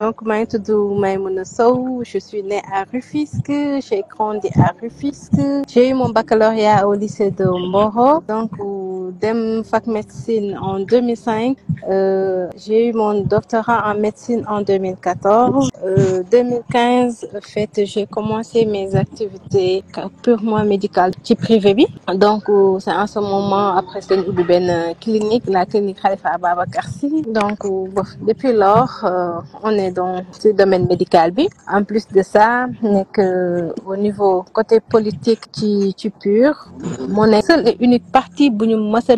Donc, Maïtoudou je suis née à Rufisque, j'ai grandi à Rufisque, j'ai eu mon baccalauréat au lycée de Moro, donc Dem Fac Médecine en 2005. Euh, j'ai eu mon doctorat en médecine en 2014. Euh, 2015, fait, j'ai commencé mes activités purement médicales qui privé Donc, euh, c'est en ce moment après cette une clinique, la clinique Khalifa Ababakarsi. Donc, euh, depuis lors, euh, on est dans ce domaine médical bi. En plus de ça, que au niveau côté politique tu, tu PUR, mon seul et unique parti ma sa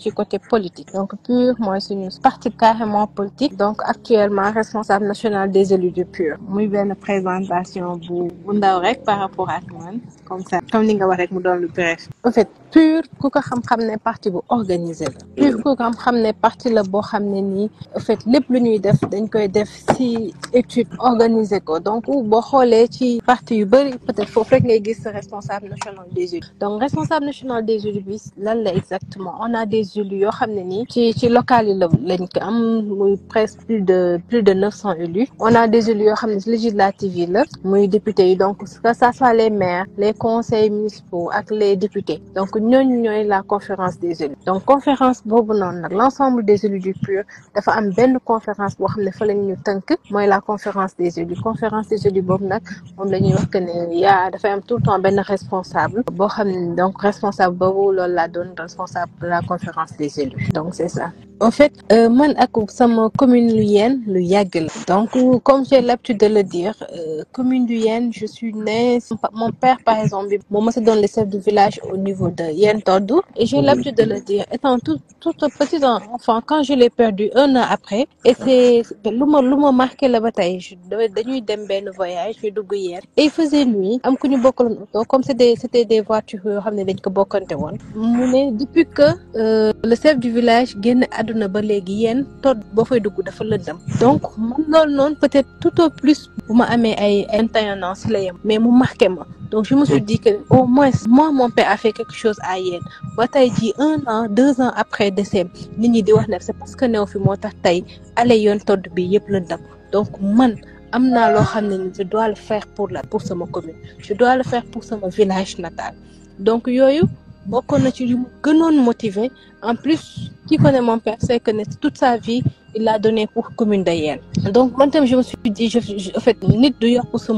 ci côté politique donc PUR mooy une partie carrément politique donc actuellement responsable national des élus de PUR muy benn présentation vous, bu par rapport à moi. comme ça comme ni nga wax rek mu doon le bref en fait PUR ku ko xam-xam ne parti bu organisé la PUR ku ko xam-xam ne parti la bo xam ne ni en fait lepp lu ñuy def dañ koy def si étude organisé ko donc boo xolé ci parti yu bari peut-être foofu rek ngay gis responsable national des élus donc responsable national des élus lan la exact on a des élus qui sont ni ci presque plus de plus de 900 élus on a des élus yo xamné députés, muy député donc que ça soit les maires les conseils municipaux ak les députés donc nous ñoy la conférence des élus donc conférence bobu l'ensemble des élus du PUR dafa une belle conférence bo xamné fa lañ ñu tënk mooy la conférence des élus conférence des élus bobu nak moom la ñuy wax que ne am tout le temps benn responsable donc responsable boobu loolu laa responsable la conférence des élus. Donc, c'est ça en fait euh, man ak sama commune lu Yen, lu le donc comme j'ai l'habitude de le dire euh, commune du je suis née mon père par exemple mon c'est dans le chef du village au niveau de Yen Tordou. et j'ai l'habitude de le dire étant tout petit enfant quand je l'ai perdu un an après et c'est l'homme ma marqué la Je devais dañuy dem le voyage je dugg et il faisait nuit comme c'était des voitures je dañ depuis que euh, le chef du village génn àdduna ba léegi yéen todd fay dugg dafa lëndam donc man loolu noonu peut-être tout au plus bu ma amee ay vingt et ans si la yem mais mu marqué ma donc je me suis dit que au moins moi mon père a fait quelque chose à yéen ba tay ji un an deux ans après décès nit ñi di wax ne c'est parce que new fi moo tax tey ale yoon todd bi yëpp lëndam donc man am naa loo je dois le faire pour la pour sama commune je dois le faire pour sama village natal donc yooyu je na ci pas motivé en plus qui connaît mon père sait que toute sa vie il l'a donné pour commune d'ailleurs. donc man tam je me suis dit je, je en fait nit du yokk pour ce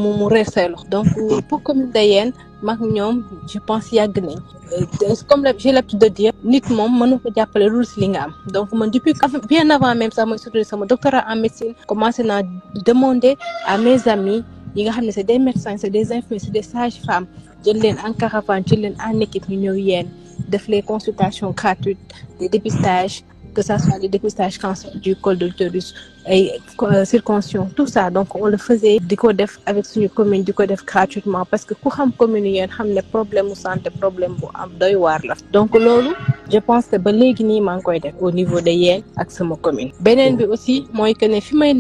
donc euh, pour commune de je pense qu'il je pense des gens. comme j'ai l'habitude de dire nit ne suis ko jàppale loolu donc depuis bien avant même ça, moi, surtout sama doctorat en médecine commencé à demander à mes amis yi nga c'est des médecins c'est des infirmiers c'est des sages-femmes jël leen en caravane jël leen en équipe ñu ñëw De def les consultations gratuites des dépistages que ça soit les dépistage cancer du col de l'utérus et euh, circoncision tout ça donc on le faisait du codef avec une commune du codef gratuitement parce que ku xam commune yi yéen xam des problèmes ou santé problème bu am doy war la donc lolo, je pense que ba léegi nii maa koy def au niveau de Yen ak sama commune Benen bi aussi mooy que ne fi may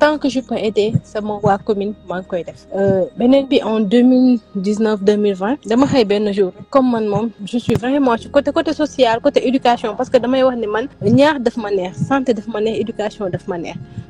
tant que je peux aider sama waa commune maa ngi koy euh, bi en 2019-2020, demain jour comme je suis vraiment ci côté côté social côté éducation parce que damay wax ni man ñaar daf ma neex santé daf ma neex éducation daf ma neex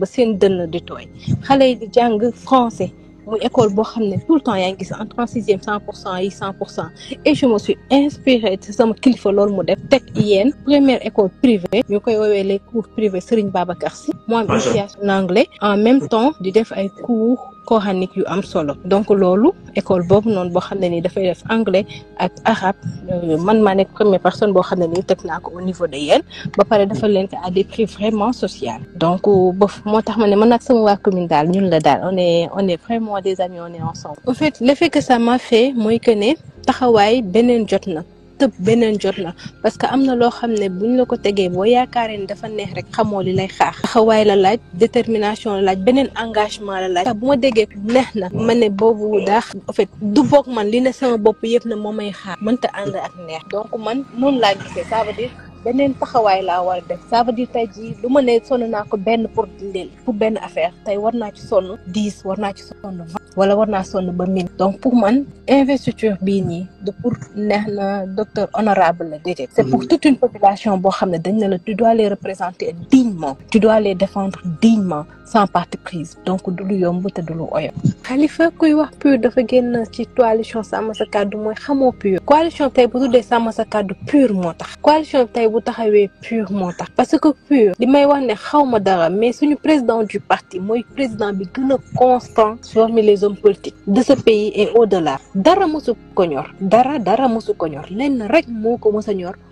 ba seen dënn di tooy xale yi di jàng français muy école boo xam ne tout le temps yaa ngi gis en trente e cent pour cent yi cent pour cent et je me suis inspirée sama kilifa loolu mu def teg yéen première école privée ñu koy woowee les cours privés Serigne Babacar Sy mu am initiation en anglais en même temps di def ay cours coranique yu am solo donc loolu école boobu noonu boo xam ne nii dafay def anglais ak arabe euh, man maa nekk première personne boo xam ne nii au niveau de Yène ba pare leen ko à des prix vraiment social donc euh, ba moo tax ma ne man ak sama waa commune ñun la daal on est on est vraiment des amis on est ensemble. En fait l'effet que ça m'a fait mooy que ne taxawaay beneen jot tëb beneen jot la parce que am na loo xam ne buñ la ko tegee boo yaakaaree ni dafa neex rek xamoo li lay xaar taxawaay la laaj détermination la laaj beneen engagement la laaj bu ma déggee neex na ma ne boobu daax en fait du boog man li ne sama bopp yëpp na moo may xaar mënta ànd ak neex donc man noonu laa gisee ça veut dire beneen taxawaay laa war a def ça veut dire tey jii lu ma ne sonn naa ko benn pour leen pour benn affaire tey war naa ci sonn dix war naa ci sonn vingt wala war naa sonn ba mille donc pour man investiture bii nii de pour neex na docteur honorable la déedéet c'est pour toute une population boo xam ne dañ ne la tu dois les représenter dignement tu dois les défendre dignement sans parti prise donc du lu yomb te du lu oyof Khalifa kuy wax PUR dafa génn ci coalition sàmm sa kàddu mooy xamoo PUR coalition tey bu tuddee sàmm sa kàddu PUR moo tax coalition tey bu taxawee pur tax parce que pur li may ne xaw ma dara mais suñu président du parti le président bi gën a constant parmi les hommes politiques de ce pays et au-delà dara mosu Konyor, dara dara mosu Konyor, lenn rek moo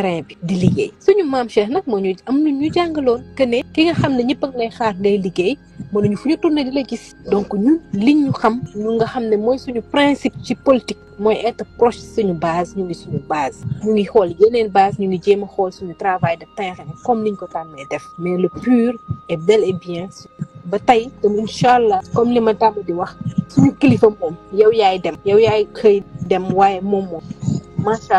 terrain bi di liggéey suñu maam Cheikh nag moo ñu am na ñu jàngaloon que ne ki nga xam ne ñëpp a xaar day liggéey mënuñu fu ñu tourné di la gis donc ñun li ñu xam ñu nga xam ne mooy suñu principe ci politique mooy être proche suñu base ñu ngi suñu base ñu ngi xool yeneen base ñu ngi jéem a xool suñu travail de terrain comme niñ ko tàmmee def mais le pur et bel et bien ba tey te incha allah comme li ma tàmm di wax suñu kilifa moom yow yaay dem yow yaay xëy dem waaye moom moom macha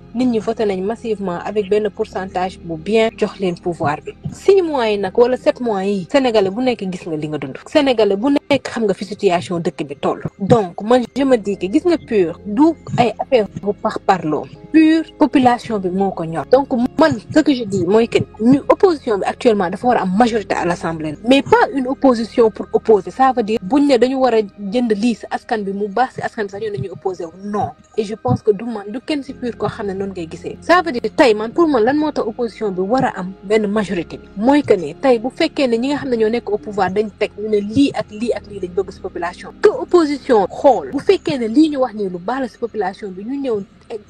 nit ñi voté nañ massivement avec benn pourcentage bu bien jox leen pouvoir bi six mois yi nag wala sept mois yi sénégalais bu nekk gis nga li nga dund sénégalais bu nekk xam nga fi situation dëkk bi toll donc man je me dis que gis nga pur du ay affaire bu par parloo pur population bi moo ko ñor donc man ce que je dis moy ken ni opposition bi actuellement dafa war a am majorité à l'assemblée mais pas une opposition pour opposer ça veut dire buñ ne dañu wara jënd lii si askan bi mu baax si askan bi sax ñu dañuy opposé wu non et je pense que du man du ken ci pur ko xamné ne ngay gisee ça veut dire tay man pour man lan mo tax opposition bi wara am ben majorité bi mooy que tay bu fekkee né ñi nga xamné ñoo nekk au pouvoir dañ tek ñu ne lii ak li ak li lañ bëgg ci population que opposition xol bu fekkee né li ñu wax ni lu baax la population bi ñu ñëw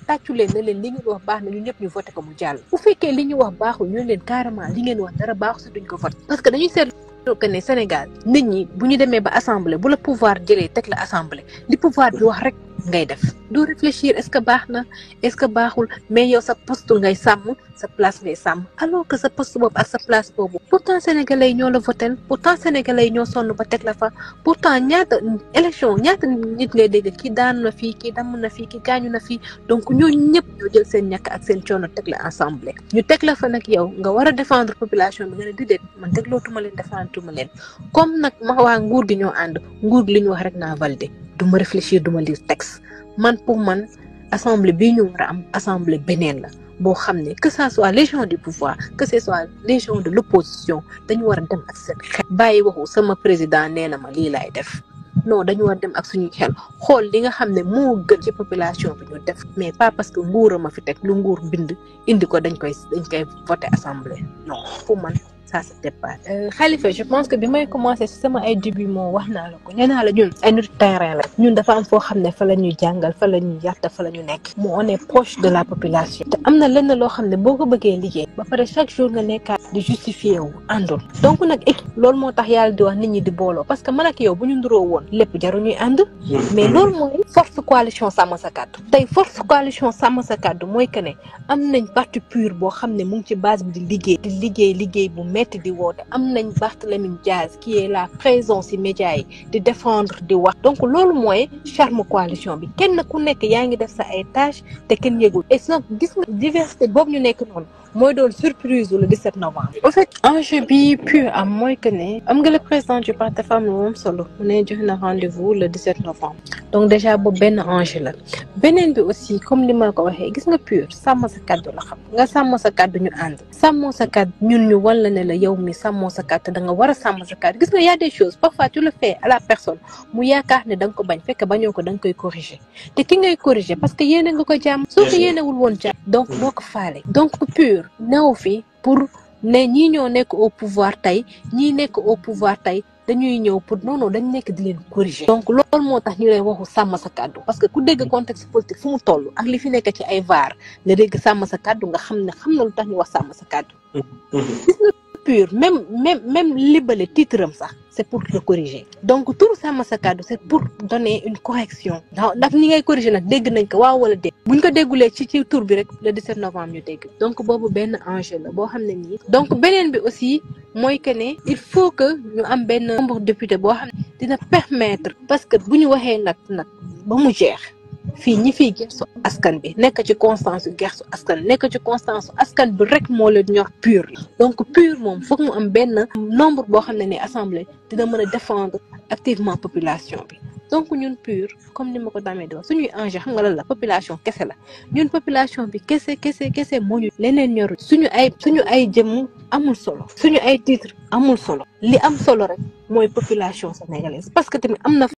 tàccu leen na leen li ngeen wax baax na ñu ñëpp ñu voté ko mu jàll bu fekkee li ñu wax baaxu ñu leen carrément li ngeen wax dara baaxu si duñ ko voté parce que dañuy seetlu que ne Sénégal nit ñi bu ñu demee ba assemblée bu la pouvoir jëlee teg la assemblée li pouvoir bi wax rek ngay def doo réfléchir est-ce que baax na est-ce que baaxul mais yow sa poste ngay sàmm sa place ngay sàmm alors que sa poste boobu ak sa place boobu pourtant sénégalais yi ñoo la votel pourtant sénégalais yi ñoo sonn ba teg la fa pourtant ñaata élection ñaata nit ngay dégg kii daanu na fii kii damm na fii ki gaañu na fi donc ñooñu ñëpp ñoo jël seen ñàkk ak seen coono teg la ensemble ñu teg la fa nag yow nga war a défendre population bu nga ne déedéet man teg lootuma leen défendre tuma leen nag ma waa nguur gi ñoo ànd nguur gi li ñu wax rek naa du ma réfléchir du ma lire texte man pour man assemblée bii ñu war am assemblée beneen la boo xam ne que ça soit les gens du pouvoir que ce soit les gens de l' dañu war a dem ak seen xel bàyyi waxu sama président nee na ma lii laay def non dañu war dem ak suñu xel xool li nga xam ne moo gën ci population bi ñu def mais pas parce que nguur a ma fi teg lu nguur bind indi ko dañ koy dañ koy voté assemblée non pour man ça se dépasse. xalifa euh, je pense que bi may commencé si sama ay début mo wax naa la ko nee la ñun ay nut terrain la ñun dafa am fo xamné fa lañu jangal fa lañu ñuy fa lañu nek mo on est proche de la population. te am lenn lo xamné ne bëggé ko liggéey. ba paré chaque jour nga nekkaat di justifier wu andul donc nak équipe lool mo tax yalla di wax nit ñi di bolo parce que man ak yow bu ñu nduro won lepp jaru ñuy ànd. mais lool moy force coalition sama sa kàddu. tay force coalition sama sa kàddu moy que ne am nañ parti pur bo xamné mu ngi ci base bi di liggéey di liggéey liggéey bu de di wote am qui est la présence immédiate de défendre di wax donc loolu mooy charme coalition bi kenn ku nekk yaa def sa ay tâche te kenn et diversité ñu moy doon surprise le 17 novembre. au fait ange bi pur am mooy que ne am nga le président du parti dafa am lu solo mu ne joxe na rendez-vous le 17 novembre donc déjà bo ben ange la benen bi aussi comme li ma la ko waxee gis nga pur sàmm sa cadeau la xam nga sàmm sa cadeau ñu and sàmmoo sa cadeau ñun ñu wala la la yow mi sàmmoo sa cadeau da nga wara a sa cadeau gis nga y a des choses parfois tu le fais à la personne mu yaakaar ne dang ko bañ fekk bañoo ko da koy corriger te ki ngay corriger parce que yéene nga ko jàmm sauf ko wul won jàmm donc boko ko donc pur rupture pour ne ñi ñoo nekk au pouvoir tay ñi nekk au pouvoir tay dañuy ñëw pour non non dañ nekk di leen corriger. donc loolu moo tax ñu lay waxu sàmm sa kàddu parce que ku dégg contexte politique fu mu ak li fi ci ay dégg sa xam na ñu wax sa mm-hmm. Mm-hmm. même même même titre am c'est pour le corriger donc turu sàmm sa kàddu c'est pour donner une correction daf ñi ngay corriger nag dégg nañ ko waaw wala dégg buñ ko déggulee ci ci tur bi rek le 17 novembre ñu dégg donc boobu Ben enjeu la boo xam donc beneen bi aussi mooy que ne il faut que ñu am benn nombre député boo xam dina permettre parce que bu ñu waxee nag ba mu jeex Fini ñi fi gersu askan bi nekk ci constance askan nekk ci constance askan bi rek pur donc pur mu nombre assemblée dina défendre activement population donc ñun pur comme ni xam nga la population Nous la population bi ñu leneen suñu ay suñu ay nous amul solo suñu ay titre amul solo li am solo rek population sénégalaise parce que tamit am